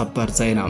ሰበር ዜና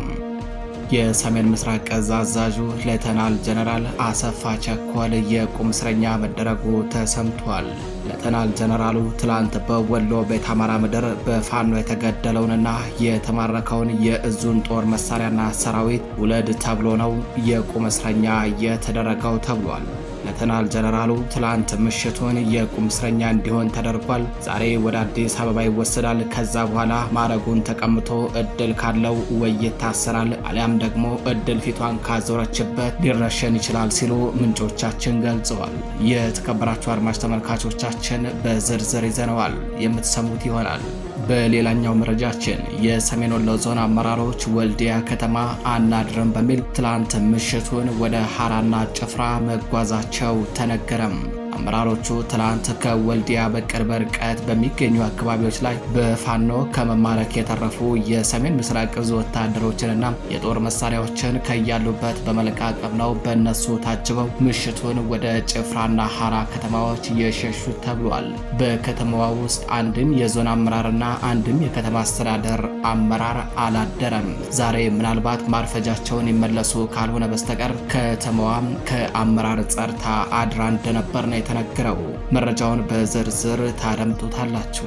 የሰሜን ምስራቅ እዝ አዛዡ ሌተናል ጀነራል አሰፋ ቸኮል የቁም እስረኛ መደረጉ ተሰምቷል። ሌተናል ጀነራሉ ትላንት በወሎ ቤት አማራ ምድር በፋኖ የተገደለውንና የተማረከውን የእዙን ጦር መሳሪያና ሰራዊት ውለድ ተብሎ ነው የቁም እስረኛ የተደረገው ተብሏል። ሌተናል ጀነራሉ ትላንት ምሽቱን የቁም እስረኛ እንዲሆን ተደርጓል። ዛሬ ወደ አዲስ አበባ ይወሰዳል። ከዛ በኋላ ማረጉን ተቀምጦ እድል ካለው ወይ ይታሰራል፣ አሊያም ደግሞ እድል ፊቷን ካዞረችበት ሊረሸን ይችላል ሲሉ ምንጮቻችን ገልጸዋል። የተከበራችሁ አድማጭ ተመልካቾቻችን በዝርዝር ይዘነዋል የምትሰሙት ይሆናል። በሌላኛው መረጃችን የሰሜን ወሎ ዞን አመራሮች ወልዲያ ከተማ አናድርም በሚል ትላንት ምሽቱን ወደ ሀራና ጭፍራ መጓዛቸው ተነገረም። አመራሮቹ ትላንት ከወልዲያ በቅርብ ርቀት በሚገኙ አካባቢዎች ላይ በፋኖ ከመማረክ የተረፉ የሰሜን ምስራቅ እዝ ወታደሮችንና የጦር መሳሪያዎችን ከያሉበት በመለቃቀም ነው በእነሱ ታጅበው ምሽቱን ወደ ጭፍራና ሀራ ከተማዎች የሸሹት ተብሏል። በከተማዋ ውስጥ አንድም የዞን አመራርና አንድም የከተማ አስተዳደር አመራር አላደረም። ዛሬ ምናልባት ማርፈጃቸውን ይመለሱ ካልሆነ በስተቀር ከተማዋም ከአመራር ጸርታ አድራ እንደነበር ነው የተነገረው። መረጃውን በዝርዝር ታደምጡታላችሁ።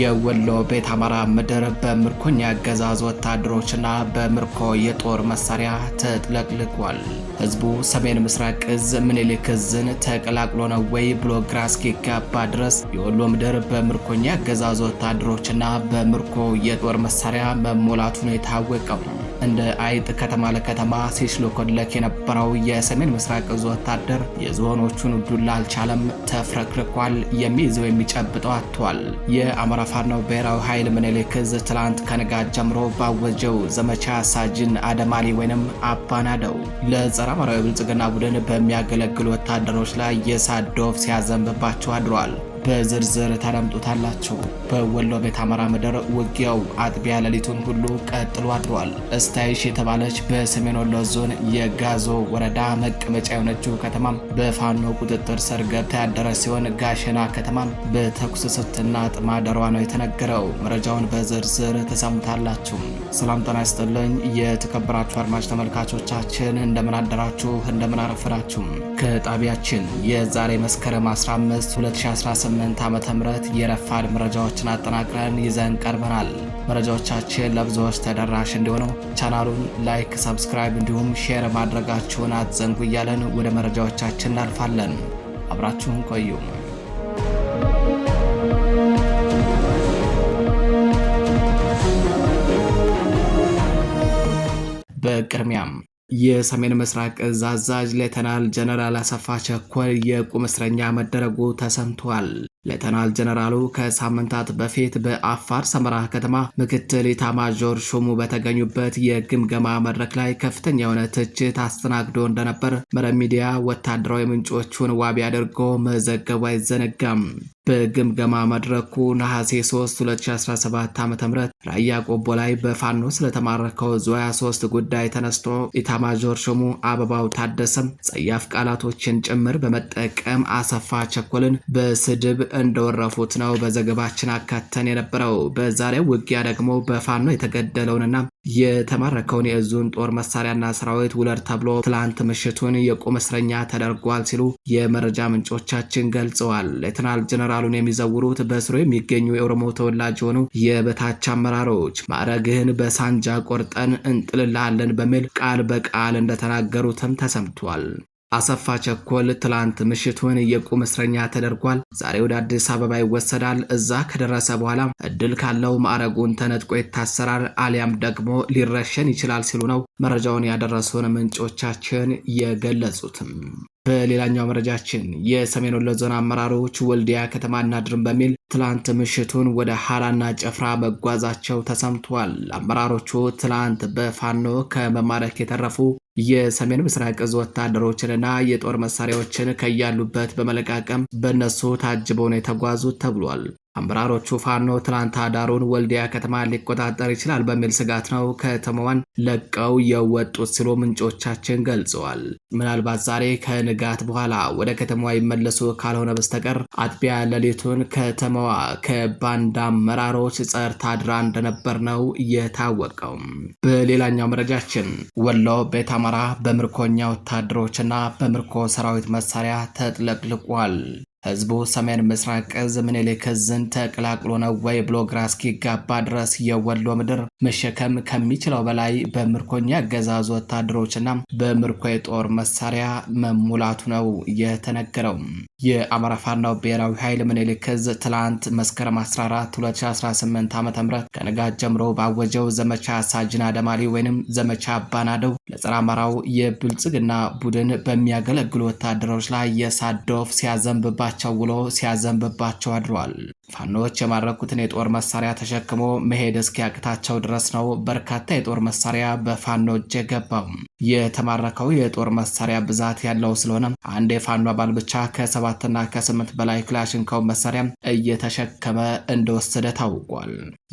የወሎ ቤት አማራ ምድር በምርኮኛ አገዛዝ ወታደሮችና በምርኮ የጦር መሳሪያ ተጥለቅልቋል። ህዝቡ ሰሜን ምስራቅ እዝ ምኒልክ እዝን ተቀላቅሎ ነው ወይ ብሎ ግራ እስኪጋባ ድረስ የወሎ ምድር በምርኮኛ አገዛዝ ወታደሮችና በምርኮ የጦር መሳሪያ መሞላቱ ነው የታወቀው። እንደ አይጥ ከተማ ለከተማ ሲሽለኮለክ የነበረው የሰሜን ምስራቅ እዝ ወታደር የዝሆኖቹን ዱላ አልቻለም፣ ተፍረክርኳል፣ የሚይዘው የሚጨብጠው አጥቷል። የአማራ ፋኖ ብሔራዊ ኃይል ምኒልክ እዝ ትላንት ከንጋት ጀምሮ ባወጀው ዘመቻ ሳጅን አደማሊ ወይንም አባናደው ለጸረ አማራዊ ብልጽግና ቡድን በሚያገለግሉ ወታደሮች ላይ የሳዶፍ ሲያዘንብባቸው አድሯል። በዝርዝር ታዳምጡታላችሁ። በወሎ ቤት አማራ ምድር ውጊያው አጥቢያ ሌሊቱን ሁሉ ቀጥሎ አድሯል። እስታይሽ የተባለች በሰሜን ወሎ ዞን የጋዞ ወረዳ መቀመጫ የሆነችው ከተማ በፋኖ ቁጥጥር ስር ገብታ ያደረች ሲሆን ጋሸና ከተማ በተኩስ ስትናጥ ማደሯ ነው የተነገረው። መረጃውን በዝርዝር ተሰምታላችሁ። ሰላም ጤና ይስጥልኝ። የተከበራችሁ አድማጭ ተመልካቾቻችን እንደምን አደራችሁ፣ እንደምን አረፈዳችሁ። ከጣቢያችን የዛሬ መስከረም 15 2018 2018 ዓ ም የረፋድ መረጃዎችን አጠናቅረን ይዘን ቀርበናል። መረጃዎቻችን ለብዙዎች ተደራሽ እንዲሆነው ቻናሉን ላይክ፣ ሰብስክራይብ እንዲሁም ሼር ማድረጋችሁን አትዘንጉ እያለን ወደ መረጃዎቻችን እናልፋለን። አብራችሁን ቆዩ። በቅድሚያም የሰሜን ምስራቅ እዝ አዛዥ ሌተናል ጀነራል አሰፋ ቸኮል የቁም እስረኛ መደረጉ ተሰምቷል። ሌተናል ጀነራሉ ከሳምንታት በፊት በአፋር ሰመራ ከተማ ምክትል ኢታማዦር ሹሙ በተገኙበት የግምገማ መድረክ ላይ ከፍተኛ የሆነ ትችት አስተናግዶ እንደነበር መረብ ሚዲያ ወታደራዊ ምንጮቹን ዋቢ አድርጎ መዘገቡ አይዘነጋም። በግምገማ መድረኩ ነሐሴ 3 2017 ዓ ም ራያ ቆቦ ላይ በፋኖ ስለተማረከው ዙ 23 ጉዳይ ተነስቶ ኢታማዦር ሹሙ አበባው ታደሰም ጸያፍ ቃላቶችን ጭምር በመጠቀም አሰፋ ቸኮልን በስድብ እንደወረፉት ነው በዘገባችን አካተን የነበረው። በዛሬው ውጊያ ደግሞ በፋኖ የተገደለውንና የተማረከውን የእዙን ጦር መሳሪያና ሰራዊት ውለድ ተብሎ ትላንት ምሽቱን የቁም እስረኛ ተደርጓል ሲሉ የመረጃ ምንጮቻችን ገልጸዋል። ሌተናል ጀነራሉን የሚዘውሩት በስሩ የሚገኙ የኦሮሞ ተወላጅ የሆኑ የበታች አመራሮች ማዕረግህን በሳንጃ ቆርጠን እንጥልልሃለን በሚል ቃል በቃል እንደተናገሩትም ተሰምቷል። አሰፋ ቸኮል ትላንት ምሽቱን የቁም እስረኛ ተደርጓል። ዛሬ ወደ አዲስ አበባ ይወሰዳል። እዛ ከደረሰ በኋላ እድል ካለው ማዕረጉን ተነጥቆ ይታሰራል፣ አሊያም ደግሞ ሊረሸን ይችላል ሲሉ ነው መረጃውን ያደረሱን ምንጮቻችን የገለጹትም። በሌላኛው መረጃችን የሰሜን ወሎ ዞን አመራሮች ወልዲያ ከተማ እናድርም በሚል ትላንት ምሽቱን ወደ ሀራና ጨፍራ መጓዛቸው ተሰምቷል። አመራሮቹ ትላንት በፋኖ ከመማረክ የተረፉ የሰሜን ምስራቅ እዝ ወታደሮችንና የጦር መሳሪያዎችን ከያሉበት በመለቃቀም በእነሱ ታጅበው ነው የተጓዙት ተብሏል። አመራሮቹ ፋኖ ትላንት አዳሩን ወልዲያ ከተማ ሊቆጣጠር ይችላል በሚል ስጋት ነው ከተማዋን ለቀው የወጡት ሲሉ ምንጮቻችን ገልጸዋል። ምናልባት ዛሬ ከንጋት በኋላ ወደ ከተማዋ ይመለሱ ካልሆነ በስተቀር አጥቢያ ሌሊቱን ከተማዋ ከባንዳ አመራሮች ጸር ታድራ እንደነበር ነው የታወቀው። በሌላኛው መረጃችን ወሎ ቤት አማራ በምርኮኛ ወታደሮችና በምርኮ ሰራዊት መሳሪያ ተጥለቅልቋል። ህዝቡ ሰሜን ምስራቅ እዝ ምኒልክ እዝን ተቀላቅሎ ነው ወይ ብሎ ግራ እስኪጋባ ድረስ የወሎ ምድር መሸከም ከሚችለው በላይ በምርኮኛ አገዛዙ ወታደሮችና በምርኮ የጦር መሳሪያ መሙላቱ ነው የተነገረው። የአማራ ፋናው ብሔራዊ ኃይል ምኒልክ እዝ ትላንት መስከረም 14 2018 ዓ ም ከንጋት ጀምሮ ባወጀው ዘመቻ ሳጅን አደማሊ ወይንም ዘመቻ አባናደው ለጸረ አማራው የብልጽግና ቡድን በሚያገለግሉ ወታደሮች ላይ የሳዶፍ ሲያዘንብባቸው ሲያዘንብባቸው አድሯል። ፋኖዎች የማረኩትን የጦር መሳሪያ ተሸክሞ መሄድ እስኪያቅታቸው ድረስ ነው በርካታ የጦር መሳሪያ በፋኖ እጅ የገባው። የተማረከው የጦር መሳሪያ ብዛት ያለው ስለሆነ አንድ የፋኖ አባል ብቻ ከሰባትና ከስምንት በላይ ክላሽንኮቭ መሳሪያ እየተሸከመ እንደወሰደ ታውቋል።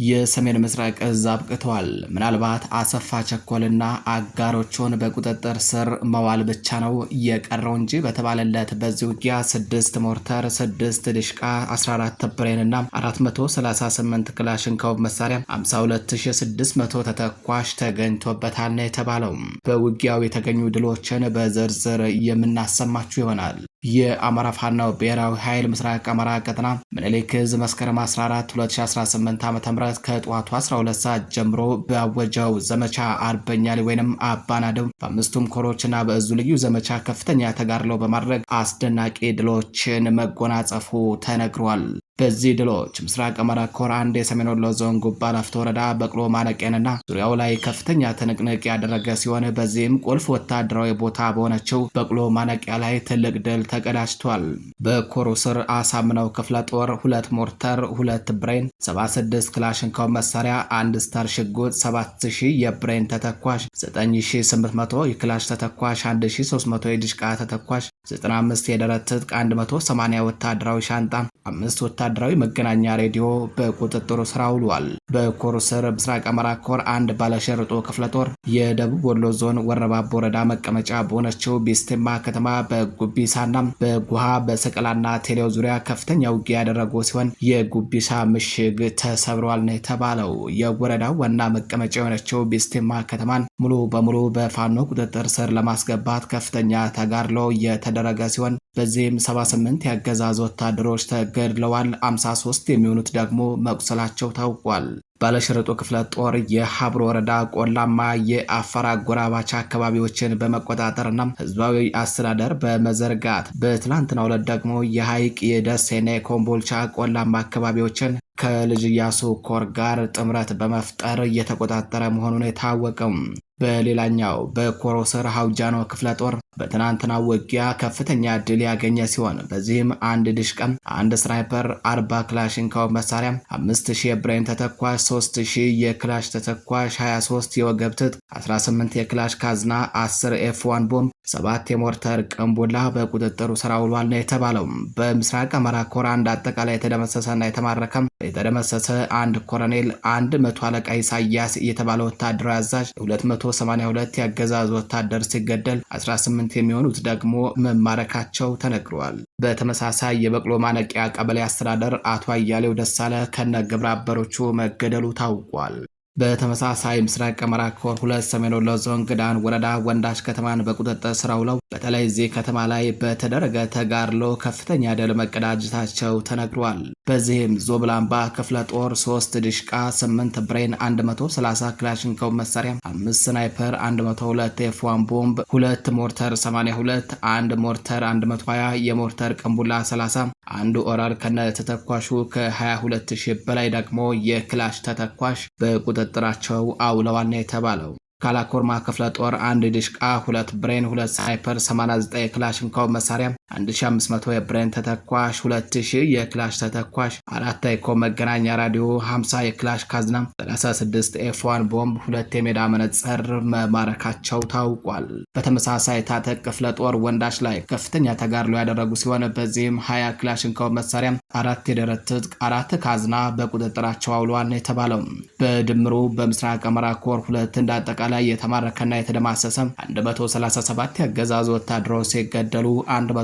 የሰሜን ምስራቅ እዝ አብቅተዋል። ምናልባት አሰፋ ቸኮልና አጋሮቹን በቁጥጥር ስር መዋል ብቻ ነው የቀረው እንጂ በተባለለት በዚህ ውጊያ ስድስት ሞርተር፣ ስድስት ድሽቃ፣ 14 ብሬን ሚሊዮንና 438 ክላሽንኮቭ መሳሪያ 52600 ተተኳሽ ተገኝቶበታል ነው የተባለው። በውጊያው የተገኙ ድሎችን በዝርዝር የምናሰማችሁ ይሆናል። የአማራ ፋናው ብሔራዊ ኃይል ምስራቅ አማራ ቀጠና ምኒልክ ዕዝ መስከረም 14 2018 ዓ.ም ከጠዋቱ 12 ሰዓት ጀምሮ በአወጀው ዘመቻ አርበኛ ወይንም አባናደው በአምስቱም ኮሮችና በእዙ ልዩ ዘመቻ ከፍተኛ ተጋድሎ በማድረግ አስደናቂ ድሎችን መጎናጸፉ ተነግሯል። በዚህ ድሎች ምስራቅ አማራ ኮር አንድ የሰሜን ወሎ ዞን ጉባ ላፍቶ ወረዳ በቅሎ ማነቄንና ዙሪያው ላይ ከፍተኛ ትንቅንቅ ያደረገ ሲሆን በዚህም ቁልፍ ወታደራዊ ቦታ በሆነችው በቅሎ ማነቂያ ላይ ትልቅ ድል ተቀዳጅቷል። በኮሩ ስር አሳምነው ክፍለ ጦር ሁለት ሞርተር፣ ሁለት ብሬን፣ 76 ክላሽንኮቭ መሳሪያ፣ አንድ ስታር ሽጉጥ፣ 7000 የብሬን ተተኳሽ፣ 9800 የክላሽ ተተኳሽ፣ 1300 የድሽቃ ተተኳሽ፣ 95 የደረት ትጥቅ፣ 180 ወታደራዊ ሻንጣ፣ አምስት ወታደራዊ መገናኛ ሬዲዮ በቁጥጥሩ ስራ ውሏል። በኮሩ ስር ምስራቅ አማራ ኮር አንድ ባለሸርጦ ክፍለ ጦር የደቡብ ወሎ ዞን ወረባቦ ወረዳ መቀመጫ በሆነችው ቢስቲማ ከተማ በጉቢሳና በጉሃ በሰቀላና ቴሌው ዙሪያ ከፍተኛ ውጊያ ያደረጉ ሲሆን የጉቢሳ ምሽግ ተሰብረዋል ነው የተባለው። የወረዳው ዋና መቀመጫ የሆነችው ቢስቲማ ከተማን ሙሉ በሙሉ በፋኖ ቁጥጥር ስር ለማስገባት ከፍተኛ ተጋድሎ የተደረገ ሲሆን በዚህም 78 የአገዛዝ ወታደሮች ተገድለዋል። 53 የሚሆኑት ደግሞ መቁሰላቸው ታውቋል። ባለሽርጡ ክፍለ ጦር የሀብሮ ወረዳ ቆላማ የአፋር አጎራባች አካባቢዎችን በመቆጣጠርና ህዝባዊ አስተዳደር በመዘርጋት በትላንትናው ዕለት ደግሞ የሐይቅ የደሴና የኮምቦልቻ ቆላማ አካባቢዎችን ከልጅ ኮር ጋር ጥምረት በመፍጠር እየተቆጣጠረ መሆኑን የታወቀው። በሌላኛው በኮሮሰር ሀውጃኖ ክፍለ ጦር በትናንትና ወጊያ ከፍተኛ ድል ያገኘ ሲሆን በዚህም አንድ ድሽ ድሽቀም፣ አንድ ስራይፐር ስናይፐር፣ አርባ ክላሽንካው መሳሪያ፣ አምስት ሺህ የብሬን ተተኳሽ፣ ሶስት ሺህ የክላሽ ተተኳሽ፣ 23 የወገብ ትጥቅ፣ 18 የክላሽ ካዝና፣ 10 ኤፍ1 ቦምብ፣ ሰባት የሞርተር ቀንቡላ በቁጥጥሩ ስራ ውሏል ነው የተባለው። በምስራቅ አማራ ኮር አንድ አጠቃላይ የተደመሰሰና የተማረከም የተደመሰሰ አንድ ኮሎኔል፣ አንድ መቶ አለቃ ኢሳያስ የተባለ ወታደራዊ አዛዥ፣ 282 የአገዛዝ ወታደር ሲገደል 18 የሚሆኑት ደግሞ መማረካቸው ተነግረዋል። በተመሳሳይ የበቅሎ ማነቂያ ቀበሌ አስተዳደር አቶ አያሌው ደሳለ ከነ ግብረ አበሮቹ መገደሉ ታውቋል። በተመሳሳይ ምስራቅ ቀመራ ኮር ሁለት ሰሜን ወሎ ዞን ግዳን ወረዳ ወንዳሽ ከተማን በቁጥጥር ስር ውለው በተለይ እዚህ ከተማ ላይ በተደረገ ተጋድሎ ከፍተኛ ድል መቀዳጀታቸው ተነግሯል። በዚህም ዞብላምባ ክፍለ ጦር ሶስት ድሽቃ 8 ብሬን 130 ክላሽንከው መሳሪያ 5 ስናይፐር 102 ኤፍ ቦምብ 2 ሞርተር 82 አንድ ሞርተር 120 የሞርተር ቅንቡላ 30 አንድ ኦራል ከነ ተተኳሹ ከ22000 በላይ ደግሞ የክላሽ ተተኳሽ በቁጥ በቁጥጥራቸው አውለዋል ነው የተባለው። ካላኮርማ ክፍለ ጦር አንድ ድሽቃ፣ ሁለት ብሬን፣ ሁለት ሳይፐር፣ 89 ክላሽንኮቭ መሳሪያ 1500 የብሬን ተተኳሽ፣ 2000 የክላሽ ተተኳሽ፣ አራት አይኮ መገናኛ ራዲዮ፣ 50 የክላሽ ካዝና፣ 36 ኤፍዋን ቦምብ፣ ሁለት የሜዳ መነጽር መማረካቸው ታውቋል። በተመሳሳይ ታጠቅ ክፍለ ጦር ወንዳሽ ላይ ከፍተኛ ተጋድሎ ያደረጉ ሲሆን በዚህም 20 ክላሽንኮቭ መሳሪያ፣ አራት የደረት ትጥቅ፣ አራት ካዝና በቁጥጥራቸው አውሏል የተባለው በድምሩ በምስራቅ አማራ ኮር ሁለት እንዳጠቃላይ የተማረከና የተደማሰሰ 137 ያገዛዙ ወታደሮች ሲገደሉ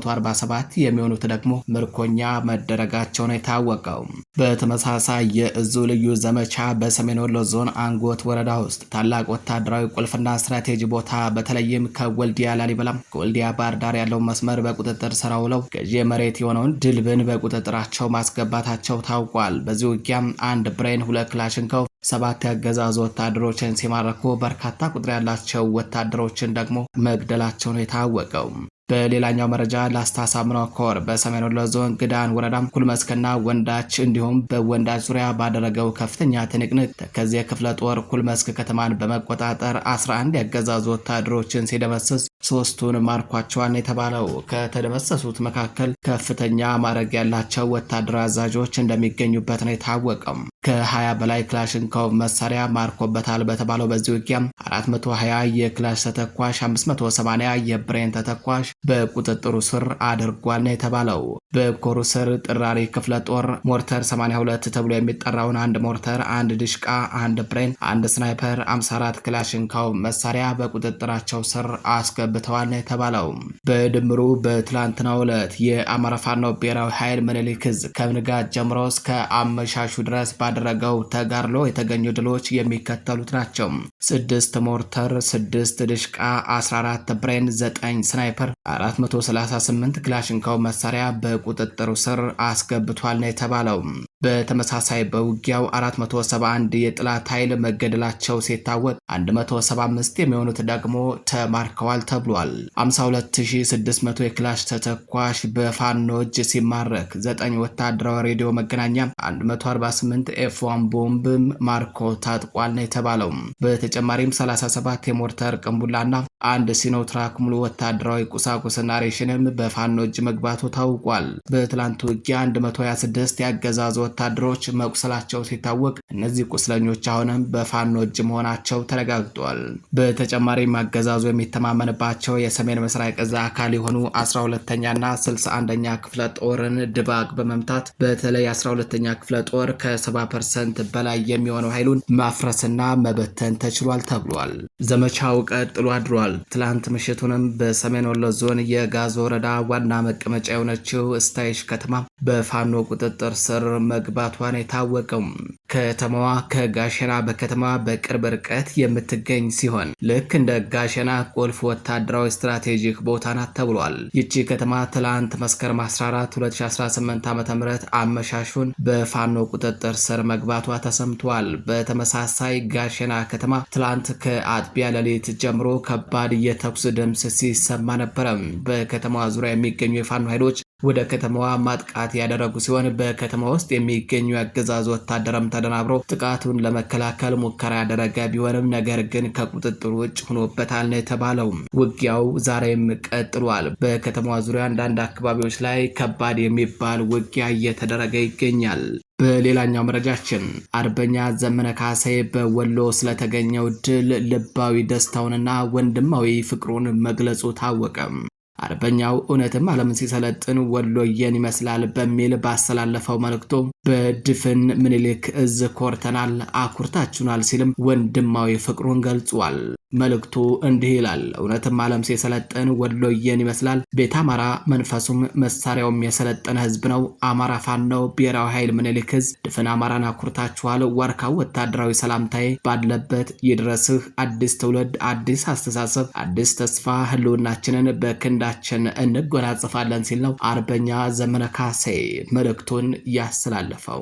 147 የሚሆኑት ደግሞ ምርኮኛ መደረጋቸው ነው የታወቀው። በተመሳሳይ የእዙ ልዩ ዘመቻ በሰሜን ወሎ ዞን አንጎት ወረዳ ውስጥ ታላቅ ወታደራዊ ቁልፍና ስትራቴጂ ቦታ በተለይም ከወልዲያ ላሊበላ፣ ከወልዲያ ባህር ዳር ያለው መስመር በቁጥጥር ስራ ውለው ገዢ መሬት የሆነውን ድልብን በቁጥጥራቸው ማስገባታቸው ታውቋል። በዚህ ውጊያም አንድ ብሬን፣ ሁለት ክላሽንኮቭ ሰባት ያገዛዙ ወታደሮችን ሲማረኩ በርካታ ቁጥር ያላቸው ወታደሮችን ደግሞ መግደላቸው ነው የታወቀው። በሌላኛው መረጃ ላስታ ሳምነው ኮር በሰሜን ወሎ ዞን ግዳን ወረዳ ኩልመስክና ወንዳች እንዲሁም በወንዳች ዙሪያ ባደረገው ከፍተኛ ትንቅንቅ ከዚህ ክፍለ ጦር ኩልመስክ ከተማን በመቆጣጠር 11 ያገዛዙ ወታደሮችን ሲደመስስ ሶስቱን ማርኳቸዋን የተባለው ከተደመሰሱት መካከል ከፍተኛ ማዕረግ ያላቸው ወታደራዊ አዛዦች እንደሚገኙበት ነው የታወቀው። ከ20 በላይ ክላሽንኮቭ መሳሪያ ማርኮበታል በተባለው በዚህ ውጊያ 420 የክላሽ ተተኳሽ፣ 580 የብሬን ተተኳሽ በቁጥጥሩ ስር አድርጓል ነው የተባለው። በኮሩ ስር ጥራሪ ክፍለ ጦር ሞርተር 82 ተብሎ የሚጠራውን አንድ ሞርተር፣ አንድ ድሽቃ፣ አንድ ብሬን፣ አንድ ስናይፐር፣ 54 ክላሽንኮቭ መሳሪያ በቁጥጥራቸው ስር አስገ ሰንብተዋል ነው የተባለው። በድምሩ በትላንትናው ዕለት የአማራ ፋኖ ብሔራዊ ኃይል ምኒልክ ዕዝ ከምንጋት ጀምሮ እስከ አመሻሹ ድረስ ባደረገው ተጋድሎ የተገኙ ድሎች የሚከተሉት ናቸው። ስድስት ሞርተር፣ ስድስት ድሽቃ፣ 14 ብሬን፣ 9 ስናይፐር፣ 438 ክላሽንኮቭ መሳሪያ በቁጥጥሩ ስር አስገብቷል ነው የተባለው። በተመሳሳይ በውጊያው 471 የጠላት ኃይል መገደላቸው ሲታወቅ 175 የሚሆኑት ደግሞ ተማርከዋል ተብሏል። 52600 የክላሽ ተተኳሽ በፋኖ እጅ ሲማረክ 9 ወታደራዊ ሬዲዮ መገናኛ 148 ኤፍ1 ቦምብም ማርኮ ታጥቋል ነው የተባለው። በተጨማሪም 37 የሞርተር ቅንቡላና አንድ ሲኖትራክ ሙሉ ወታደራዊ ቁሳቁስና ሬሽንም በፋኖ እጅ መግባቱ ታውቋል። በትላንቱ ውጊያ 126 የአገዛዙ ወታደሮች መቁሰላቸው ሲታወቅ እነዚህ ቁስለኞች አሁንም በፋኖ እጅ መሆናቸው ተረጋግጧል። በተጨማሪም አገዛዙ የሚተማመንባቸው የሰሜን ምስራቅ እዝ አካል የሆኑ 12ኛና 61ኛ ክፍለ ጦርን ድባቅ በመምታት በተለይ 12ኛ ክፍለ ጦር ከ70 ፐርሰንት በላይ የሚሆነው ኃይሉን ማፍረስና መበተን ተችሏል ተብሏል። ዘመቻው ቀጥሎ አድሯል። ትላንት ምሽቱንም በሰሜን ወሎ ዞን የጋዞ ወረዳ ዋና መቀመጫ የሆነችው ስታይሽ ከተማ በፋኖ ቁጥጥር ስር መግባቷን የታወቀው። ከተማዋ ከጋሸና በከተማ በቅርብ ርቀት የምትገኝ ሲሆን ልክ እንደ ጋሸና ቁልፍ ወታደራዊ ስትራቴጂክ ቦታ ናት ተብሏል። ይቺ ከተማ ትላንት መስከረም 14 2018 ዓ ም አመሻሹን በፋኖ ቁጥጥር ስር መግባቷ ተሰምቷል። በተመሳሳይ ጋሸና ከተማ ትላንት ከአጥቢያ ሌሊት ጀምሮ ከባድ የተኩስ ድምፅ ሲሰማ ነበረ። በከተማዋ ዙሪያ የሚገኙ የፋኖ ኃይሎች ወደ ከተማዋ ማጥቃት ያደረጉ ሲሆን በከተማ ውስጥ የሚገኙ የአገዛዙ ወታደርም ተደናብሮ ጥቃቱን ለመከላከል ሙከራ ያደረገ ቢሆንም ነገር ግን ከቁጥጥር ውጭ ሆኖበታል ነው የተባለው። ውጊያው ዛሬም ቀጥሏል። በከተማዋ ዙሪያ አንዳንድ አካባቢዎች ላይ ከባድ የሚባል ውጊያ እየተደረገ ይገኛል። በሌላኛው መረጃችን አርበኛ ዘመነ ካሴ በወሎ ስለተገኘው ድል ልባዊ ደስታውንና ወንድማዊ ፍቅሩን መግለጹ ታወቀ። አርበኛው እውነትም ዓለምን ሲሰለጥን ወሎየን ይመስላል በሚል ባስተላለፈው መልእክቶ በድፍን ምኒልክ እዝ ኮርተናል፣ አኩርታችናል ሲልም ወንድማዊ ፍቅሩን ገልጿል። መልእክቱ እንዲህ ይላል። እውነትም ዓለም ሲሰለጥን ወሎየን ይመስላል። ቤት አማራ መንፈሱም መሳሪያውም የሰለጠነ ህዝብ ነው። አማራ ነው ብሔራዊ ኃይል ምኒልክ እዝ ድፍን አማራን አኩርታችኋል። ዋርካው ወታደራዊ ሰላምታዬ ባለበት ይድረስህ። አዲስ ትውልድ፣ አዲስ አስተሳሰብ፣ አዲስ ተስፋ ህልውናችንን በክንዳችን እንጎናጽፋለን ሲል ነው አርበኛ ዘመነ ካሴ መልእክቱን ያስተላለፈው።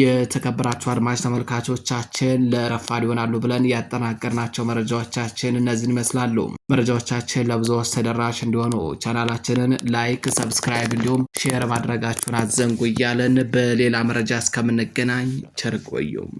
የተከበራችሁ አድማጭ ተመልካቾቻችን ለረፋድ ይሆናሉ ብለን ያጠናቀርናቸው መረጃዎች መረጃዎቻችን እነዚህን ይመስላሉ። መረጃዎቻችን ለብዙዎች ተደራሽ እንዲሆኑ ቻናላችንን ላይክ፣ ሰብስክራይብ እንዲሁም ሼር ማድረጋችሁን አዘንጉ እያለን በሌላ መረጃ እስከምንገናኝ ቸር ቆዩም።